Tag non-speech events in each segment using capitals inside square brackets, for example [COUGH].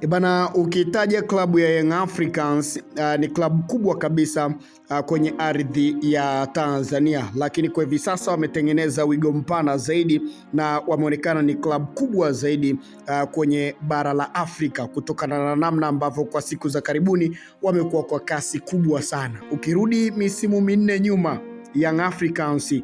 E bana, ukitaja klabu ya Young Africans uh, ni klabu kubwa kabisa uh, kwenye ardhi ya Tanzania, lakini kwa hivi sasa wametengeneza wigo mpana zaidi na wameonekana ni klabu kubwa zaidi uh, kwenye bara la Afrika kutokana na namna ambavyo kwa siku za karibuni wamekuwa kwa kasi kubwa sana. Ukirudi misimu minne nyuma Young Africans uh,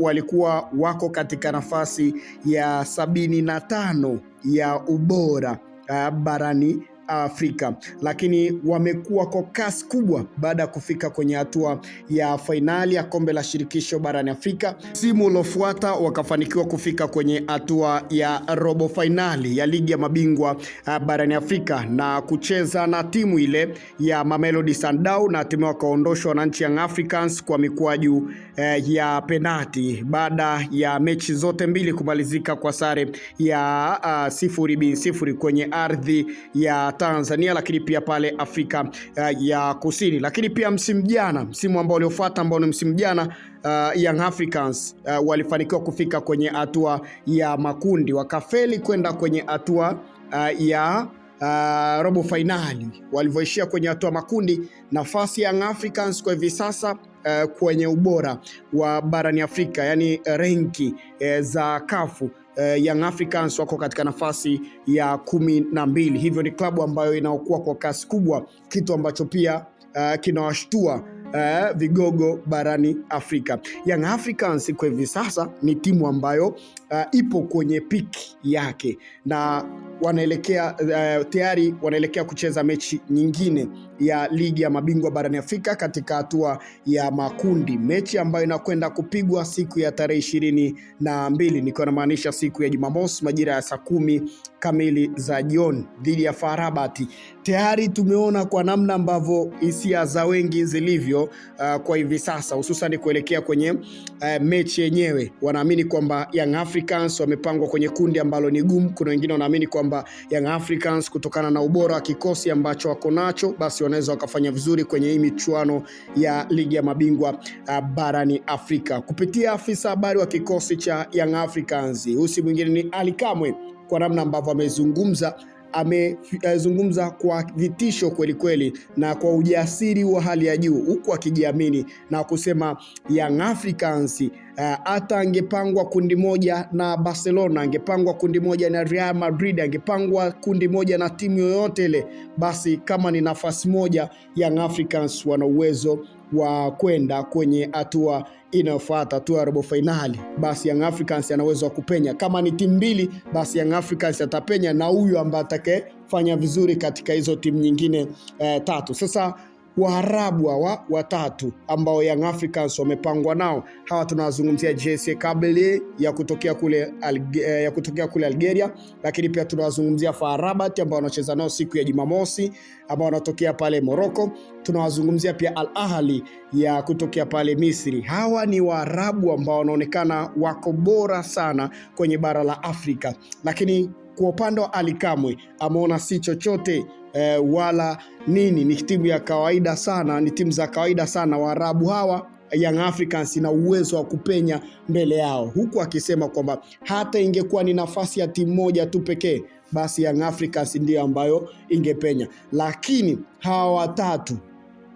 walikuwa wako katika nafasi ya sabini na tano ya ubora uh, barani Afrika, lakini wamekuwa kwa kasi kubwa baada ya kufika kwenye hatua ya fainali ya kombe la shirikisho barani Afrika. Msimu uliofuata wakafanikiwa kufika kwenye hatua ya robo fainali ya ligi ya mabingwa eh, barani Afrika na kucheza na timu ile ya Mamelodi Sundowns na hatimaye wakaondoshwa na nchi Young Africans kwa mikwaju eh, ya penati baada ya mechi zote mbili kumalizika kwa sare ya uh, sifuri bin sifuri kwenye ardhi ya Tanzania, lakini pia pale Afrika uh, ya Kusini. Lakini pia msimu jana, msimu ambao uliofuata ambao ni msimu jana uh, Young Africans uh, walifanikiwa kufika kwenye hatua ya makundi, wakafeli kwenda kwenye hatua uh, ya Uh, robo fainali walivyoishia kwenye hatua makundi. Nafasi ya Young Africans kwa hivi sasa Eh, kwenye ubora wa barani Afrika, yani eh, renki eh, za kafu Uh, Young Africans wako katika nafasi ya kumi na mbili. Hivyo ni klabu ambayo inaokuwa kwa kasi kubwa, kitu ambacho pia uh, kinawashtua uh, vigogo barani Afrika. Young Africans kwa hivi sasa ni timu ambayo uh, ipo kwenye piki yake na wanaelekea uh, tayari wanaelekea kucheza mechi nyingine ya ligi ya mabingwa barani Afrika katika hatua ya makundi, mechi ambayo inakwenda kupigwa siku ya tarehe ishirini na mbili nikiwa namaanisha siku ya Jumamosi majira ya saa kumi kamili za jioni dhidi ya FAR Rabat. Tayari tumeona kwa namna ambavyo hisia za wengi zilivyo uh, kwa hivi sasa hususan kuelekea kwenye uh, mechi yenyewe. Wanaamini kwamba Young Africans wamepangwa kwenye kundi ambalo ni gumu. Kuna wengine wanaamini kwamba Young Africans kutokana na ubora wa kikosi ambacho wako nacho basi wanaweza wakafanya vizuri kwenye hii michuano ya ligi ya mabingwa uh, barani Afrika. Kupitia afisa habari wa kikosi cha Young Africans, huyu si mwingine ni Ali Kamwe, kwa namna ambavyo amezungumza amezungumza eh, kwa vitisho kweli kweli na kwa ujasiri wa hali ya juu, huku akijiamini na kusema Young Africans eh, hata uh, angepangwa kundi moja na Barcelona, angepangwa kundi moja na Real Madrid, angepangwa kundi moja na timu yoyote ile, basi kama ni nafasi moja, Young Africans wana uwezo wa kwenda kwenye hatua inayofuata, hatua ya robo fainali, basi Young Africans anaweza wa kupenya. Kama ni timu mbili, basi Young Africans atapenya na huyu ambaye atakayefanya vizuri katika hizo timu nyingine eh, tatu. Sasa Waarabu hawa watatu ambao Young Africans wamepangwa nao, hawa tunawazungumzia JS Kabylie ya kutokea kule Alge, eh, ya kutokea kule Algeria, lakini pia tunawazungumzia FAR Rabat ambao wanacheza nao siku ya Jumamosi ambao wanatokea pale Morocco. Tunawazungumzia pia Al Ahli ya kutokea pale Misri. Hawa ni Waarabu ambao wanaonekana wako bora sana kwenye bara la Afrika, lakini kwa upande wa Alikamwe ameona si chochote e, wala nini, ni timu ya kawaida sana, ni timu za kawaida sana. Waarabu hawa Young Africans ina uwezo wa kupenya mbele yao, huku akisema kwamba hata ingekuwa ni nafasi ya timu moja tu pekee, basi Young Africans ndiyo ambayo ingepenya, lakini hawa watatu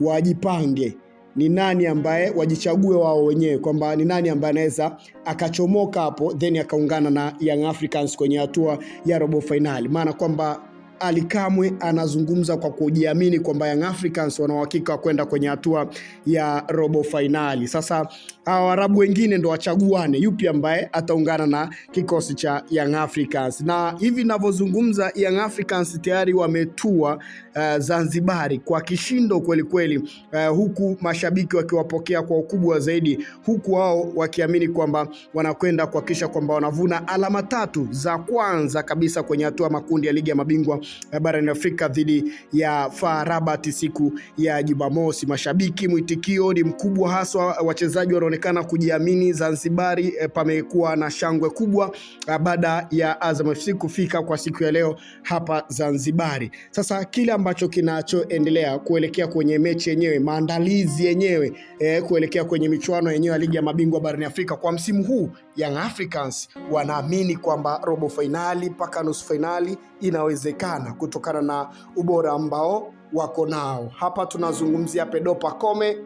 wajipange ni nani ambaye wajichague wao wenyewe kwamba ni nani ambaye anaweza akachomoka hapo then akaungana na Young Africans kwenye hatua ya robo fainali, maana kwamba alikamwe Kamwe anazungumza kwa kujiamini kwamba Young Africans wana uhakika wa kwenda kwenye hatua ya robo fainali. Sasa hawa Waarabu wengine ndo wachaguane yupi ambaye ataungana na kikosi cha Young Africans, na hivi ninavyozungumza Young Africans tayari wametua uh, Zanzibari kwa kishindo kweli kweli, uh, huku mashabiki wakiwapokea kwa ukubwa zaidi, huku wao wakiamini kwamba wanakwenda kuhakikisha kwamba wanavuna alama tatu za kwanza kabisa kwenye hatua makundi ya ligi ya mabingwa Eh, barani Afrika dhidi ya FAR Rabat siku ya Jumamosi. Mashabiki, mwitikio ni mkubwa haswa, wachezaji wanaonekana kujiamini. Zanzibari eh, pamekuwa na shangwe kubwa eh, baada ya Azam FC kufika kwa siku ya leo hapa Zanzibari. Sasa kile ambacho kinachoendelea kuelekea kwenye mechi yenyewe, maandalizi yenyewe e, kuelekea kwenye michuano yenyewe ya ligi ya mabingwa barani Afrika kwa msimu huu, Young Africans wanaamini kwamba robo fainali mpaka nusu fainali inawezekana sana kutokana na ubora ambao wako nao. Hapa tunazungumzia Pedro Pacome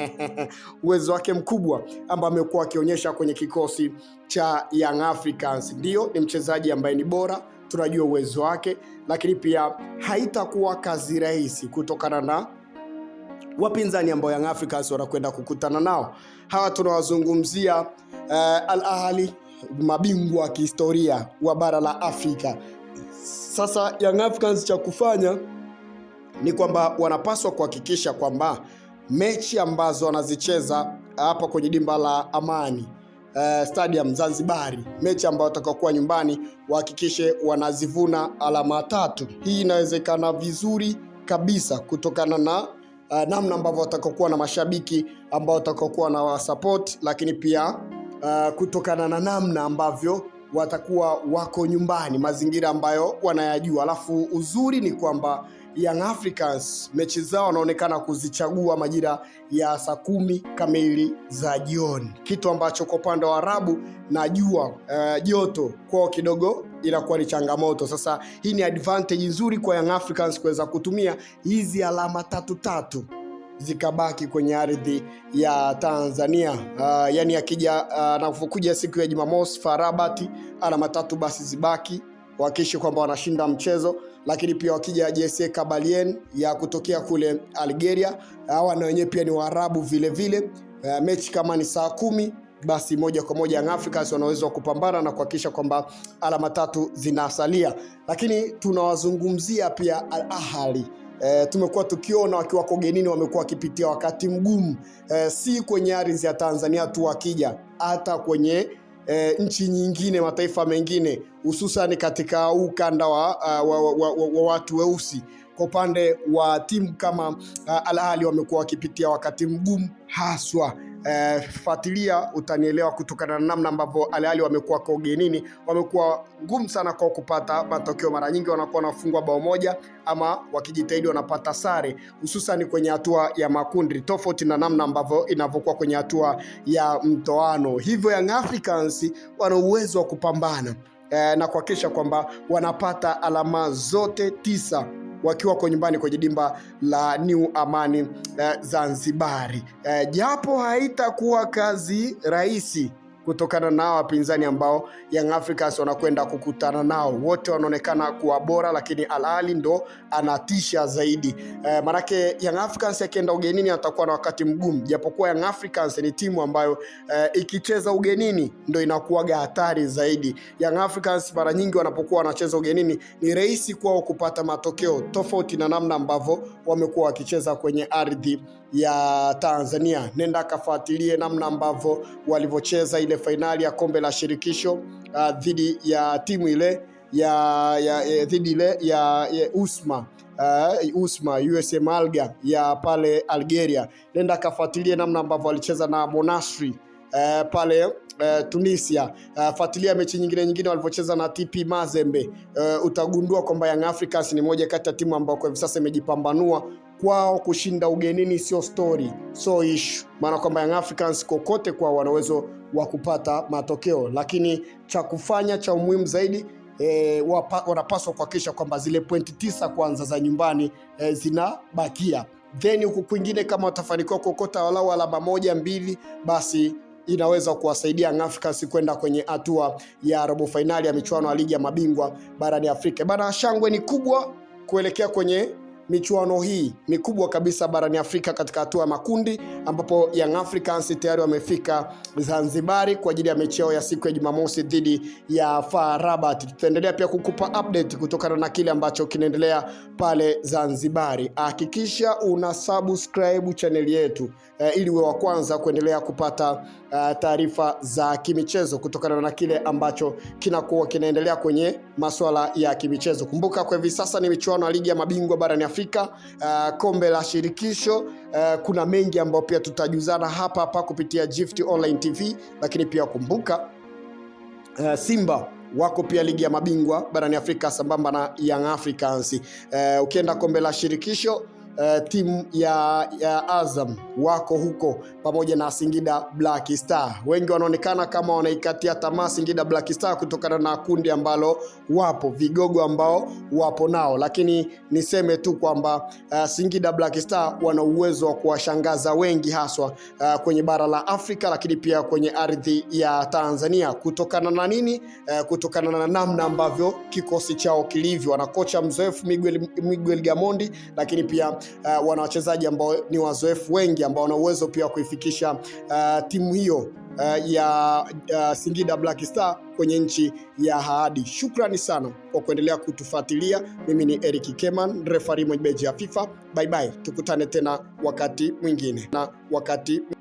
[LAUGHS] uwezo wake mkubwa ambao amekuwa akionyesha kwenye kikosi cha Young Africans. Ndio, ni mchezaji ambaye ni bora, tunajua uwezo wake, lakini pia haitakuwa kazi rahisi kutokana na wapinzani ambao Young Africans wanakwenda kukutana nao. Hawa tunawazungumzia uh, Al Ahly, mabingwa wa kihistoria wa bara la Afrika sasa Young Africans cha kufanya ni kwamba wanapaswa kuhakikisha kwamba mechi ambazo wanazicheza hapa kwenye dimba la Amani Uh, stadium Zanzibari, mechi ambayo watakaokuwa nyumbani wahakikishe wanazivuna alama tatu. Hii inawezekana vizuri kabisa kutokana na uh, namna ambavyo watakaokuwa na mashabiki ambao watakaokuwa na wasapoti, lakini pia uh, kutokana na namna ambavyo watakuwa wako nyumbani, mazingira ambayo wanayajua. Alafu uzuri ni kwamba Young Africans mechi zao wanaonekana kuzichagua majira ya saa kumi kamili za jioni, kitu ambacho kwa upande wa Arabu najua eh, joto uh, kwao kidogo inakuwa ni changamoto. Sasa hii ni advantage nzuri kwa Young Africans kuweza kutumia hizi alama tatu tatu zikabaki kwenye ardhi ya Tanzania. Uh, yani akija uh, siku ya Jumamosi Farabati, alama tatu basi zibaki wakiishi kwamba wanashinda mchezo, lakini pia wakija JSA Kabalien ya kutokea kule Algeria, hawa na wenyewe pia ni Waarabu vile vile. Uh, mechi kama ni saa kumi basi moja kwa moja Young Africans wanaweza kupambana na kuhakikisha kwamba alama tatu zinasalia, lakini tunawazungumzia pia Al Ahly E, tumekuwa tukiona wakiwa kogenini wamekuwa wakipitia wakati mgumu e, si kwenye ardhi ya Tanzania tu wakija hata kwenye e, nchi nyingine, mataifa mengine, hususan katika ukanda wa, ah, wa, wa, wa, wa watu weusi. Kwa upande wa timu kama ah, Al Ahly wamekuwa wakipitia wakati mgumu haswa eh, fuatilia utanielewa, kutokana na namna ambavyo Al Ahly wamekuwa kwa ugenini, wamekuwa ngumu sana kwa kupata matokeo. Mara nyingi wanakuwa wanafungwa bao moja ama wakijitahidi wanapata sare, hususan kwenye hatua ya makundi, tofauti na namna ambavyo inavyokuwa kwenye hatua ya mtoano. Hivyo Young Africans wana uwezo wa kupambana eh, na kuhakikisha kwamba wanapata alama zote tisa wakiwa kwa nyumbani kwenye dimba la New Amani eh, Zanzibari eh, japo haitakuwa kazi rahisi kutokana na wapinzani ambao Young Africans wanakwenda kukutana nao. Wote wanaonekana kuwa bora, lakini Al Ahly ndo anatisha zaidi e, manake Young Africans akienda ugenini atakuwa na wakati mgumu, japokuwa Young Africans ni timu ambayo e, ikicheza ugenini ndo inakuwaga hatari zaidi. Young Africans mara nyingi wanapokuwa wanacheza ugenini ni rahisi kwao kupata matokeo tofauti na namna ambavyo wamekuwa wakicheza kwenye ardhi ya Tanzania. Nenda kafuatilie namna ambavyo walivyocheza ile fainali ya kombe la shirikisho uh, dhidi ya timu ile ya, ya, e, dhidi ile ya, ya e, Usma Uh, Usma USM Alga ya pale Algeria. Nenda kafuatilie namna ambavyo alicheza na Monastir uh, pale uh, Tunisia. Uh, fuatilia mechi nyingine nyingine walivyocheza na TP Mazembe. Uh, utagundua kwamba Young Africans ni moja kati ya timu ambayo kwa hivi sasa imejipambanua kwao kushinda ugenini sio story, so issue, maana kwamba Young Africans kokote kwao wana uwezo wa kupata matokeo, lakini cha kufanya cha umuhimu zaidi E, wanapaswa kuhakikisha kwamba zile pointi tisa kwanza za nyumbani e, zinabakia, then huku kwingine kama watafanikiwa kuokota walau alama moja mbili, basi inaweza kuwasaidia Young Africans kwenda kwenye hatua ya robo fainali ya michuano ya ligi ya mabingwa barani Afrika. Bana, shangwe ni kubwa kuelekea kwenye michuano hii mikubwa kabisa barani Afrika katika hatua ya makundi, ambapo Young Africans tayari wamefika Zanzibari kwa ajili ya mechi yao ya siku ya Jumamosi dhidi ya FAR Rabat. Tutaendelea pia kukupa update kutokana na kile ambacho kinaendelea pale Zanzibari. Hakikisha una subscribe chaneli yetu eh, ili uwe wa kwanza kuendelea kupata eh, taarifa za kimichezo kutokana na kile ambacho kinakuwa kinaendelea kwenye masuala ya kimichezo. Kumbuka kwa hivi sasa ni michuano ya ligi ya mabingwa barani Afrika Afrika uh, kombe la shirikisho uh, kuna mengi ambayo pia tutajuzana hapa hapa kupitia Gift Online TV, lakini pia kumbuka uh, Simba wako pia ligi ya mabingwa barani Afrika sambamba na Young Africans. Uh, ukienda kombe la shirikisho uh, timu ya, ya Azam wako huko pamoja na Singida Black Star. Wengi wanaonekana kama wanaikatia tamaa Singida Black Star kutokana na kundi ambalo wapo vigogo ambao wapo nao, lakini niseme tu kwamba uh, Singida Black Star wana uwezo wa kuwashangaza wengi haswa uh, kwenye bara la Afrika, lakini pia kwenye ardhi ya Tanzania kutokana na nini? Uh, kutokana na namna ambavyo kikosi chao kilivyo, wana kocha mzoefu Miguel, Miguel Gamondi, lakini pia uh, wana wachezaji ambao ni wazoefu wengi ambao wana uwezo pia wa kuifikisha uh, timu hiyo Uh, ya uh, Singida Black Star kwenye nchi ya ahadi. Shukrani sana kwa kuendelea kutufuatilia. Mimi ni Eric Keman, refari mwenyeji ya FIFA. Bye bye, tukutane tena wakati mwingine na wakati